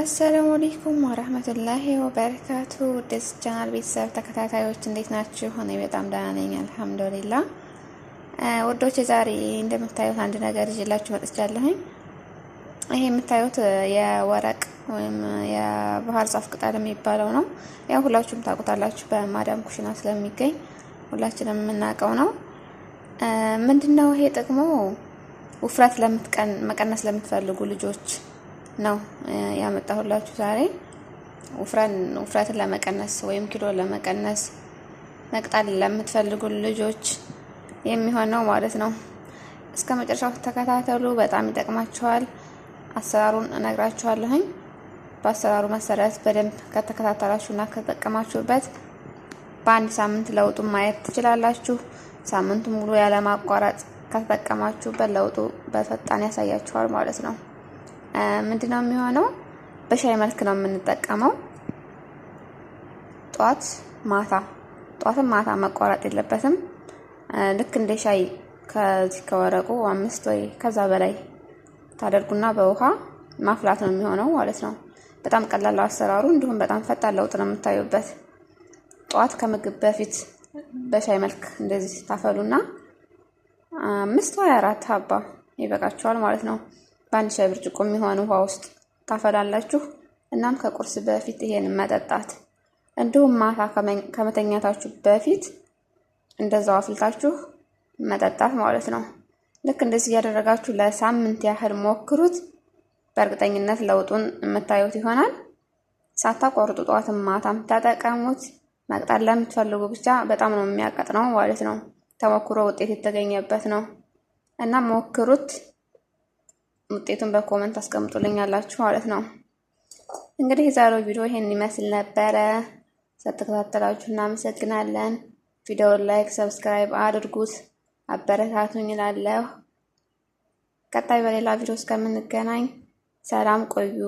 አሰላሙ አለይኩም ወራህመቱላሂ ወበረካቱ ደስ ቻናል ቤተሰብ ተከታታዮች እንዴት ናችሁ? እኔ በጣም ደህና ነኝ አልሐምዱሊላ። ወዶች ዛሬ እንደምታዩት አንድ ነገር ይዤላችሁ መጥቻለሁኝ። ይሄ የምታዩት የወረቅ ወይም የባህር ዛፍ ቅጠል የሚባለው ነው። ያው ሁላችሁም ታውቁታላችሁ፣ በማዳም ኩሽና ስለሚገኝ ሁላችንም የምናውቀው ነው። ምንድነው ይሄ ጥቅሙ? ውፍረት ለምትቀን መቀነስ ለምትፈልጉ ልጆች ነው ያመጣሁላችሁ ዛሬ ውፍረትን ለመቀነስ ወይም ኪሎ ለመቀነስ መቅጣል ለምትፈልጉ ልጆች የሚሆነው ማለት ነው። እስከ መጨረሻው ተከታተሉ፣ በጣም ይጠቅማችኋል። አሰራሩን እነግራችኋለሁኝ። በአሰራሩ መሰረት በደንብ ከተከታተላችሁና ከተጠቀማችሁበት በአንድ ሳምንት ለውጡ ማየት ትችላላችሁ። ሳምንቱ ሙሉ ያለማቋረጥ ከተጠቀማችሁበት ለውጡ በፈጣን ያሳያችኋል ማለት ነው። ምንድነው የሚሆነው? በሻይ መልክ ነው የምንጠቀመው። ጧት ማታ፣ ጧትም ማታ መቋረጥ የለበትም። ልክ እንደ ሻይ ከዚህ ከወረቁ አምስት ወይ ከዛ በላይ ታደርጉና በውሃ ማፍላት ነው የሚሆነው ማለት ነው። በጣም ቀላል አሰራሩ፣ እንዲሁም በጣም ፈጣን ለውጥ ነው የምታዩበት። ጧት ከምግብ በፊት በሻይ መልክ እንደዚህ ታፈሉና አምስት ወይ አራት ሀባ ይበቃቸዋል ማለት ነው። በአንድ ሻይ ብርጭቆ የሚሆን ውሃ ውስጥ ታፈላላችሁ። እናም ከቁርስ በፊት ይሄንን መጠጣት እንዲሁም ማታ ከመተኛታችሁ በፊት እንደዛው አፍልታችሁ መጠጣት ማለት ነው። ልክ እንደዚህ እያደረጋችሁ ለሳምንት ያህል ሞክሩት። በእርግጠኝነት ለውጡን የምታዩት ይሆናል። ሳታቆርጡ ጠዋትም ማታም ተጠቀሙት። መቅጠል ለምትፈልጉ ብቻ በጣም ነው የሚያቀጥነው ማለት ነው። ተሞክሮ ውጤት የተገኘበት ነው እና ሞክሩት። ውጤቱን በኮመንት አስቀምጡልኛላችሁ ማለት ነው። እንግዲህ የዛሬው ቪዲዮ ይሄን ይመስል ነበረ። ስለተከታተላችሁ እናመሰግናለን። ቪዲዮውን ላይክ፣ ሰብስክራይብ አድርጉት፣ አበረታቱኝ እላለሁ። ቀጣይ በሌላ ቪዲዮ እስከምንገናኝ ሰላም ቆዩ።